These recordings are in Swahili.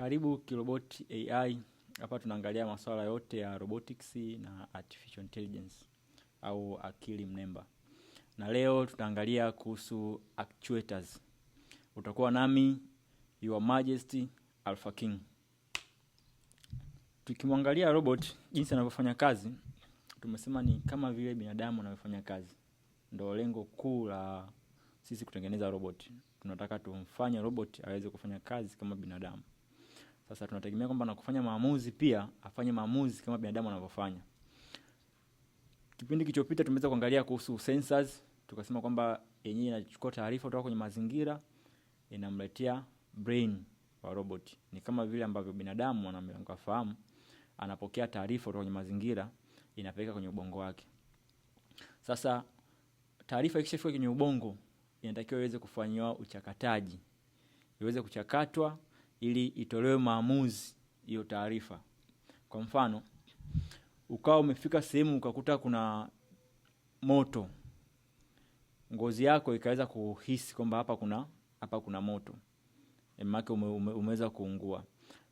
Karibu Kiroboti AI. Hapa tunaangalia masuala yote ya robotics na artificial intelligence au akili mnemba, na leo tutaangalia kuhusu actuators. Utakuwa nami Your Majesty Alpha King. Tukimwangalia robot jinsi anavyofanya kazi, tumesema ni kama vile binadamu anavyofanya kazi. Ndio lengo kuu la sisi kutengeneza robot, tunataka tumfanye robot aweze kufanya kazi kama binadamu. Sasa tunategemea kwamba na kufanya maamuzi pia afanye maamuzi kama binadamu anavyofanya. Kipindi kilichopita tumeweza kuangalia kuhusu sensors, tukasema kwamba yenyewe inachukua taarifa kutoka kwenye mazingira inamletea brain wa robot. Ni kama vile ambavyo binadamu anamfahamu anapokea taarifa kutoka kwenye mazingira inapeleka kwenye ubongo wake. Sasa taarifa ikishafika kwenye ubongo inatakiwa iweze kufanyiwa uchakataji, iweze kuchakatwa ili itolewe maamuzi hiyo taarifa. Kwa mfano, ukawa umefika sehemu ukakuta kuna moto, ngozi yako ikaweza kuhisi kwamba hapa kuna hapa kuna moto, make ume, ume, umeweza kuungua.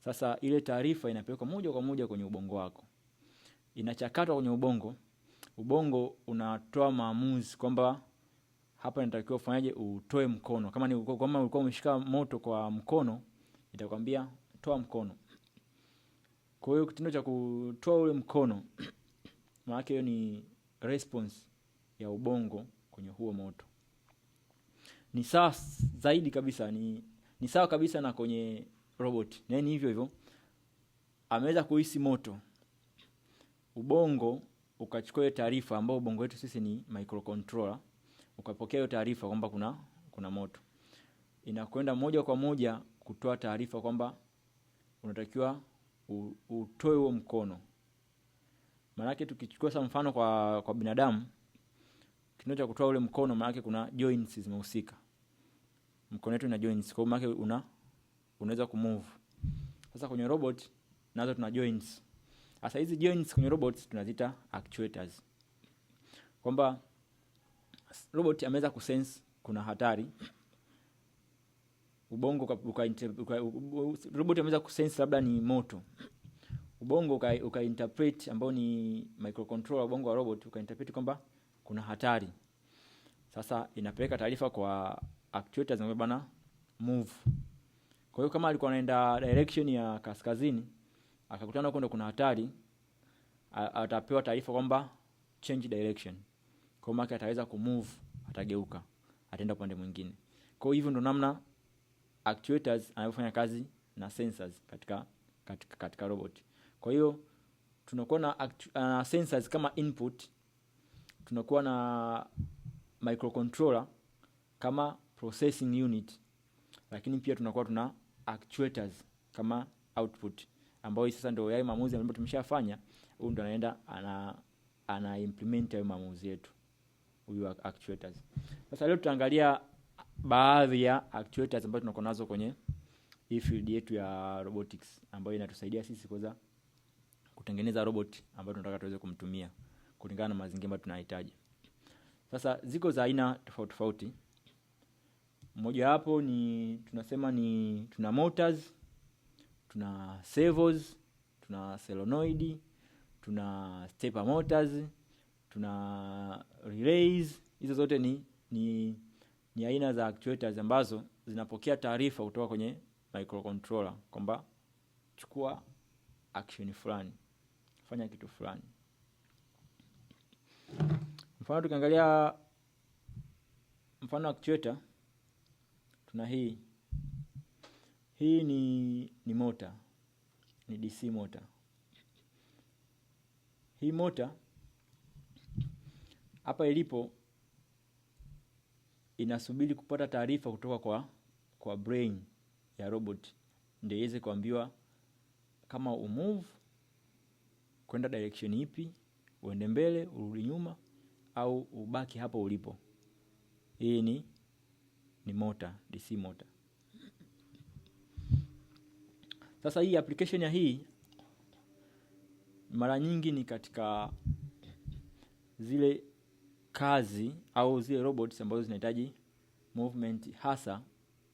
Sasa ile taarifa inapelekwa moja kwa moja kwenye ubongo wako, inachakatwa kwenye ubongo. Ubongo unatoa maamuzi kwamba hapa inatakiwa ufanyaje, utoe mkono. Kama ni kama ulikuwa umeshika moto kwa mkono itakwambia toa mkono. Kwa hiyo kitendo cha kutoa ule mkono maana hiyo ni response ya ubongo kwenye huo moto. Ni sawa zaidi kabisa, ni ni sawa kabisa na kwenye robot. Yaani hivyo hivyo ameweza kuhisi moto, ubongo ukachukua hiyo taarifa, ambao ubongo wetu sisi ni microcontroller, ukapokea hiyo taarifa kwamba kuna kuna moto, inakwenda moja kwa moja kutoa taarifa kwamba unatakiwa utoe huo mkono. Maanake tukichukua sa mfano kwa, kwa binadamu kitendo cha kutoa ule mkono, maanake kuna joints zimehusika, mkono wetu ina joints, kwa maana una unaweza kumove. Sasa kwenye robot nazo tuna joints. Sasa hizi joints kwenye robot tunazita actuators, kwamba robot ameweza kusense kuna hatari ubongo roboti ameweza kusense labda ni moto, ubongo ukainterpret uka ambao ni microcontroller, ubongo wa robot ukainterpret kwamba kuna hatari. Sasa inapeleka taarifa kwa actuators ambaye bana move. Kwa hiyo kama alikuwa anaenda direction ya kaskazini akakutana kwenda kuna hatari, atapewa taarifa kwamba change direction. Kwa maana ataweza kumove, atageuka, ataenda upande mwingine. Kwa hiyo hivyo ndo namna actuators anayofanya kazi na sensors katika, katika, katika robot. Kwa hiyo tunakuwa na uh, sensors kama input, tunakuwa na microcontroller kama processing unit, lakini pia tunakuwa tuna actuators kama output, ambayo sasa ndio yale maamuzi ambayo tumeshafanya, huyu ndo anaenda ana, ana implement hayo maamuzi yetu huyu actuators. Sasa leo tutaangalia baadhi ya actuators ambazo tunakuwa nazo kwenye hii field yetu ya robotics ambayo inatusaidia sisi kuweza kutengeneza robot ambayo tunataka tuweze kumtumia kulingana na mazingira ambayo tunahitaji. Sasa ziko za aina tofauti tofauti. Mojawapo ni tunasema ni tuna motors, tuna servos, tuna solenoid, tuna stepper motors, tuna relays. Hizo zote ni ni ni aina za actuators ambazo zinapokea taarifa kutoka kwenye microcontroller kwamba chukua action fulani, fanya kitu fulani. Mfano tukiangalia mfano actuator tuna hii hii ni ni mota ni DC mota. Hii mota hapa ilipo inasubiri kupata taarifa kutoka kwa, kwa brain ya robot ndio iweze kuambiwa kama umove kwenda direction ipi, uende mbele, urudi nyuma au ubaki hapo ulipo. Hii ni ni mota DC mota. Sasa hii application ya hii mara nyingi ni katika zile kazi au zile robots ambazo zinahitaji movement hasa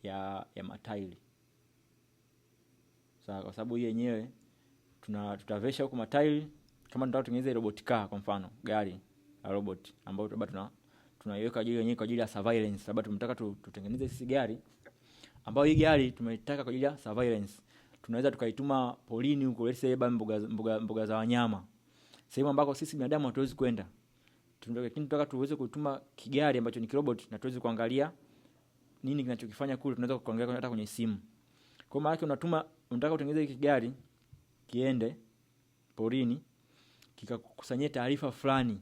ya, ya matairi sasa kwa sababu hii yenyewe tuna tutavesha huko matairi kama tunataka kutengeneza robot car kwa mfano gari la robot ambayo labda tuna tunaiweka ajili yenyewe kwa ajili ya surveillance labda tumetaka tutengeneze sisi gari ambayo hii gari tumetaka kwa ajili ya surveillance tunaweza tukaituma polini huko let's mboga mboga mbuga, za wanyama sehemu ambako sisi binadamu hatuwezi kwenda lakini tunataka tuweze kutuma kigari ambacho ni kirobot na tuweze kuangalia nini kinachokifanya kule, tunaweza kuangalia hata kwenye simu. Kwa maana yake unatuma, unataka utengeneze kigari kiende porini kikakusanyia taarifa fulani,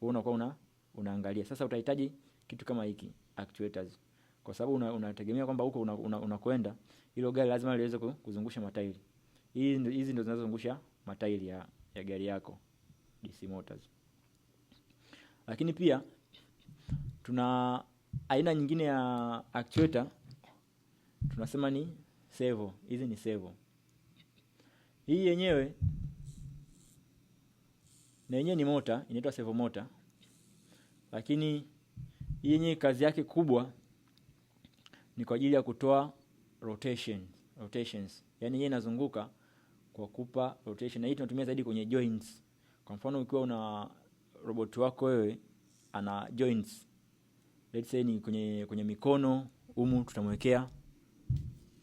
wewe unakuwa una unaangalia. Sasa utahitaji kitu kama hiki actuators, kwa sababu unategemea una kwamba huko unakwenda una, una hilo gari lazima liweze kuzungusha matairi. Hizi hizi ndio zinazozungusha matairi ya, ya gari yako DC Motors. Lakini pia tuna aina nyingine ya actuator tunasema ni servo. Hizi ni servo. Hii yenyewe na yenyewe ni mota, inaitwa servo mota. Lakini hii yenyewe kazi yake kubwa ni kwa ajili ya kutoa rotation, rotations. Yaani yeye inazunguka kwa kupa rotation na hii tunatumia zaidi kwenye joints. Kwa mfano ukiwa una roboti wako wewe ana joints let's say ni kwenye, kwenye mikono umu tutamwekea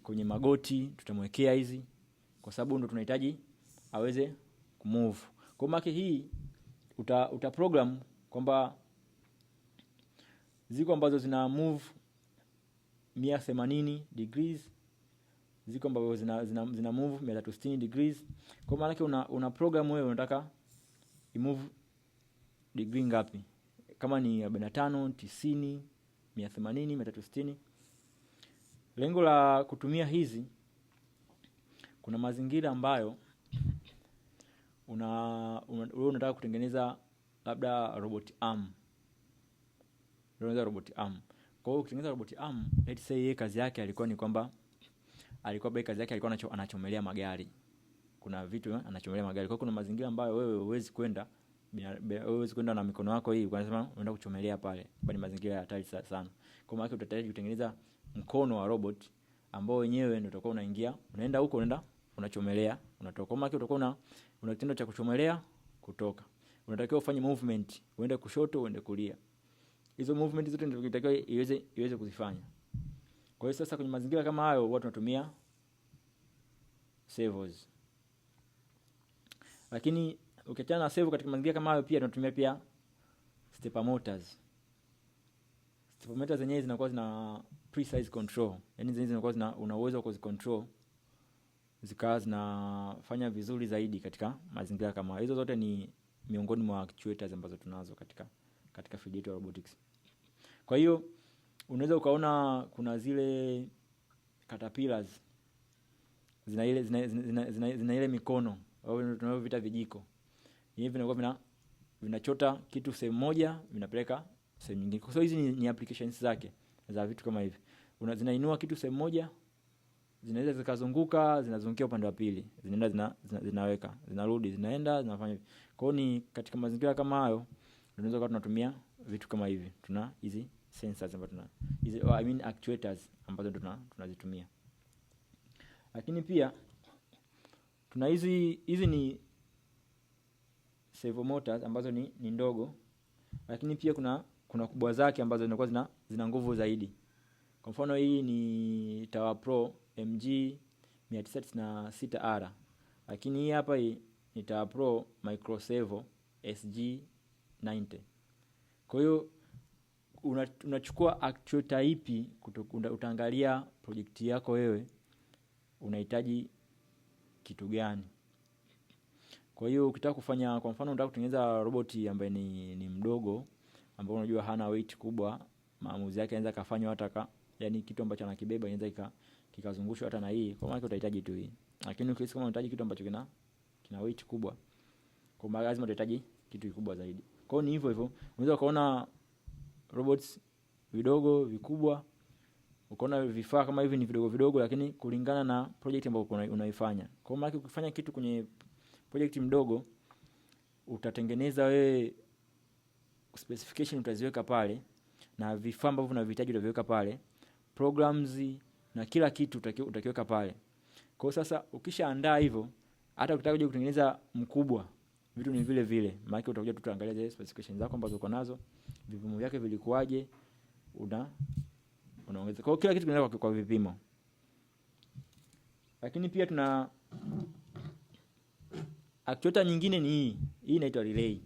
kwenye magoti tutamwekea hizi kwa sababu ndo tunahitaji aweze kumove kwa maana hii uta, uta program kwamba ziko ambazo zina move mia themanini degrees ziko ambazo zina, zina, zina move mia tatu sitini degrees kwa maanake una, una program wewe unataka imove digri ngapi, kama ni 45, 90, 180, 360. Lengo la kutumia hizi, kuna mazingira ambayo una, una, unataka kutengeneza labda robot arm, unaweza robot arm. Kwa hiyo ukitengeneza robot arm, let's say yeye kazi yake alikuwa ni kwamba alikuwa bei kazi yake alikuwa anacho, anachomelea magari, kuna vitu anachomelea magari. Kwa hiyo kuna mazingira ambayo wewe huwezi kwenda huwezi kwenda na mikono yako hii unasema unaenda kuchomelea pale, bali mazingira ya hatari sana. Kwa maana utahitaji kutengeneza mkono wa robot ambao wenyewe ndio utakuwa unaingia, unaenda huko, unaenda unachomelea, unatoka. Kwa maana utakuwa una una kitendo cha kuchomelea kutoka. Unatakiwa ufanye movement, uende kushoto, uende kulia. Hizo movement zote ndio unatakiwa iweze iweze kuzifanya. Kwa hiyo sasa kwenye mazingira kama hayo watu tunatumia servos. Lakini Ukiachana na sevu katika mazingira kama hayo, pia tunatumia pia stepper motors. Stepper motors zenyewe zinakuwa zina precise control, yani zenyewe zinakuwa zina una uwezo wa kuzicontrol zikawa zinafanya vizuri zaidi katika mazingira kama hizo. Zote ni miongoni mwa actuators ambazo tunazo katika katika field yetu ya robotics. Kwa hiyo unaweza ukaona kuna zile caterpillars zina ile zina, zina, zina, zina, zina ile mikono au tunavyoviita vijiko yenyewe vinakuwa vina vinachota kitu sehemu moja vinapeleka sehemu nyingine. Kwa hiyo hizi ni, ni applications zake za vitu kama hivi. Una, zinainua kitu sehemu moja zinaweza zikazunguka zinazungukia upande wa pili zinaenda zina, zina, zinaweka zinarudi zinaenda zinafanya hivi. Kwa hiyo ni katika mazingira kama hayo tunaweza kuwa tunatumia vitu kama hivi. Tuna hizi sensors ambazo tuna hizi I mean actuators ambazo tuna tunazitumia. Lakini pia tuna hizi hizi ni motors ambazo ni, ni ndogo lakini pia kuna kuna kubwa zake ambazo zinakuwa zina, zina nguvu zaidi kwa mfano hii ni Tower Pro MG 996R lakini hii hapa hii ni Tower Pro Micro Servo SG 90 kwa hiyo unachukua una actuator ipi utaangalia projekti yako wewe unahitaji kitu gani kwa hiyo ukitaka kufanya, kwa mfano unataka kutengeneza roboti ambaye ni, ni mdogo ambao unajua hana weight kubwa, maamuzi yake anaweza kafanywa hata ka, yani kitu ambacho anakibeba inaweza kikazungushwa hata na hii, kwa maana utahitaji tu hii. Lakini ukisema kama unahitaji kitu ambacho kina kina weight kubwa, kwa maana lazima utahitaji kitu kikubwa zaidi. Kwa hiyo ni hivyo hivyo, unaweza kuona robots vidogo vikubwa, ukaona vifaa kama hivi ni vidogo vidogo, lakini kulingana na project ambayo unaifanya. Kwa maana ukifanya kitu kwenye project mdogo utatengeneza wewe specification utaziweka pale na vifaa ambavyo unavihitaji utaviweka pale, programs na kila kitu utakiweka pale. Kwa sasa ukishaandaa hivyo, hata ukitaka kuja kutengeneza mkubwa, vitu ni vile vile, maana utakuja tutaangalia zile specifications zako ambazo uko nazo, vipimo vyake vilikuwaje, una unaongeza. Kwa kila kitu kinaenda kwa vipimo, lakini pia tuna Actuator nyingine ni hii. Hii inaitwa relay.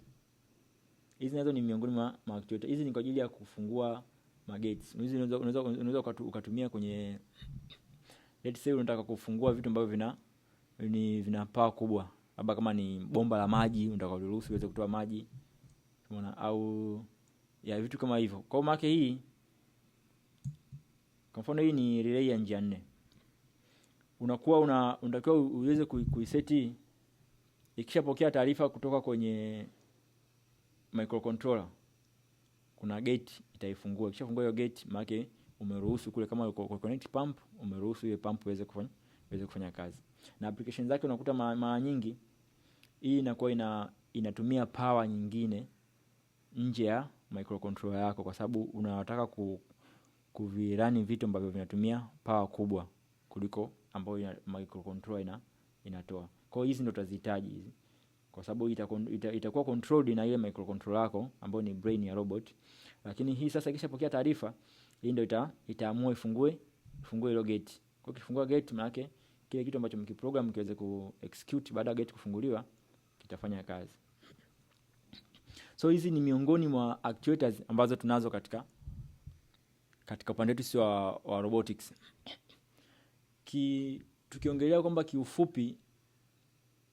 Hizi nazo ni miongoni mwa actuator. Hizi ni kwa ajili ya kufungua magates Hizi unaweza unaweza ukatumia kwenye let's say unataka kufungua vitu ambavyo vina ni vina power kubwa. Labda kama ni bomba la maji unataka kuruhusu iweze kutoa maji. Umeona au ya vitu kama hivyo. Kwa maana hii kwa mfano hii ni relay ya njia nne. Unakuwa una unatakiwa uweze kuiseti ikishapokea taarifa kutoka kwenye microcontroller, kuna gate itaifungua. Ikishafungua hiyo gate, maana umeruhusu kule, kama kwa connect pump, umeruhusu ile pump iweze kufanya iweze kufanya kazi. Na application zake unakuta mara nyingi hii inakuwa ina inatumia power nyingine nje ya microcontroller yako, kwa sababu unataka ku kuvirani vitu ambavyo vinatumia power kubwa kuliko ambayo microcontroller ina inatoa. Kwa hizi ndo tutazihitaji hizi, kwa sababu itakuwa ita, ita controlled na ile microcontroller yako ambayo ni brain ya robot. Lakini hii sasa ikishapokea taarifa hii ndio ita, itaamua ifungue ifungue ile gate. Kwa kifungua gate manake kile kitu ambacho mkiprogram kiweze ku execute baada ya gate kufunguliwa kitafanya kazi. So hizi ni miongoni mwa actuators ambazo tunazo katika katika upande wetu si wa, wa robotics. Ki, tukiongelea kwamba kiufupi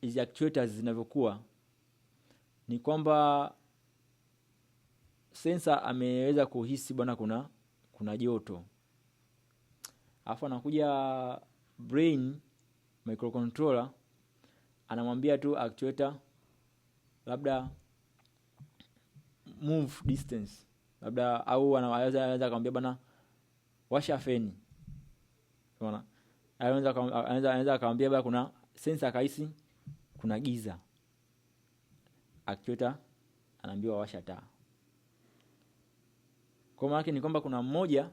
hizi actuators zinavyokuwa ni kwamba sensa ameweza kuhisi bwana kuna kuna joto alafu anakuja brain microcontroller anamwambia tu actuator labda move distance labda au anaweza anaweza akamwambia bwana washa feni unaona anaweza anaweza akamwambia bwana kuna sensa akahisi kuna giza, actuator anaambiwa washa taa. Kwa maana ni kwamba kuna mmoja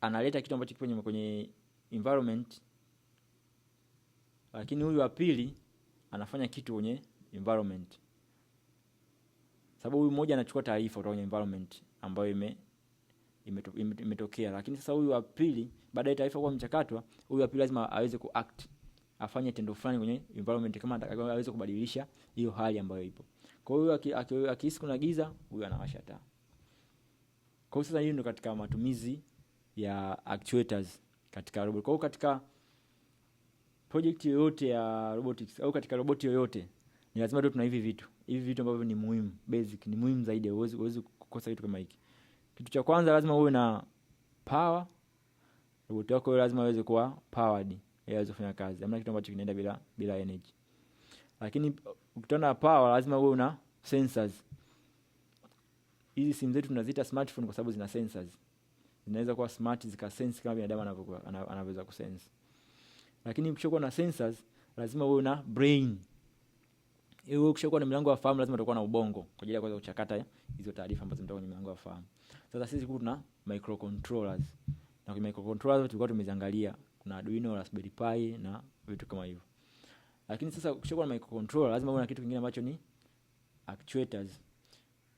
analeta kitu ambacho kipo kwenye environment, lakini huyu wa pili anafanya kitu kwenye environment, sababu huyu mmoja anachukua taarifa kutoka kwenye environment ambayo ime imetokea, lakini sasa huyu wa pili baada ya taarifa kuwa mchakatwa, huyu wa pili lazima aweze kuact afanye tendo fulani kwenye environment kama atakavyo aweze kubadilisha hiyo hali ambayo ipo. Kwa hiyo akihisi kuna giza, huyo anawasha taa. Kwa hiyo sasa hiyo ndio katika matumizi ya actuators katika robot. Kwa hiyo katika project yoyote ya robotics au katika roboti yoyote ni lazima tu tuna hivi vitu. Hivi vitu ambavyo ni muhimu, basic, ni muhimu zaidi, huwezi huwezi kukosa kitu kama hiki. Kitu cha kwanza lazima uwe na power. Roboti yako lazima iweze kuwa powered yeye aweze kufanya kazi. amna kitu ambacho kinaenda bila bila energy. Lakini ukitona power, lazima uwe una sensors. Hizi simu zetu tunaziita smartphone kwa sababu zina sensors, zinaweza kuwa smart zika sense kama binadamu anavyokuwa anavyoweza kusense. Lakini ukishakuwa na sensors, lazima uwe una brain wewe ukishakuwa na milango ya fahamu lazima utakuwa na ubongo kwa ajili ya kuweza kuchakata hizo taarifa ambazo zimetoka kwenye milango ya fahamu. Sasa sisi kuna microcontrollers na kwenye microcontroller tulikuwa tumeziangalia, kuna Arduino, Raspberry Pi na vitu kama hivyo. Lakini sasa ukishakuwa na microcontroller lazima uwe na kitu kingine ambacho ni actuators.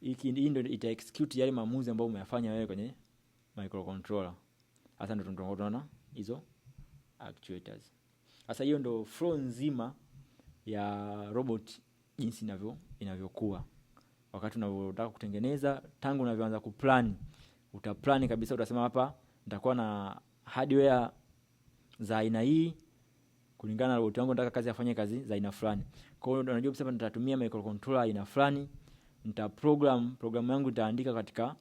Hiki ndio ita execute yale maamuzi ambayo umeyafanya wewe kwenye microcontroller. Sasa ndio tunaona hizo actuators. Sasa hiyo ndio flow nzima ya robot jinsi inavyo inavyokuwa wakati unavyotaka kutengeneza, tangu unavyoanza kuplan, utaplan kabisa, utasema hapa nitakuwa na hardware za aina hii kulingana na robot wangu, nataka kazi afanye kazi za aina fulani. Kwa hiyo unajua sasa nitatumia microcontroller aina fulani, nita program programu yangu nitaandika katika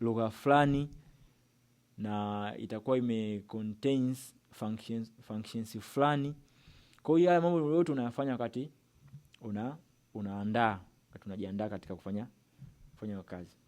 lugha fulani na itakuwa ime contains functions functions fulani. Kwa hiyo haya mambo yote unayafanya wakati una unaandaa wakati unajiandaa katika kufanya kufanya kazi.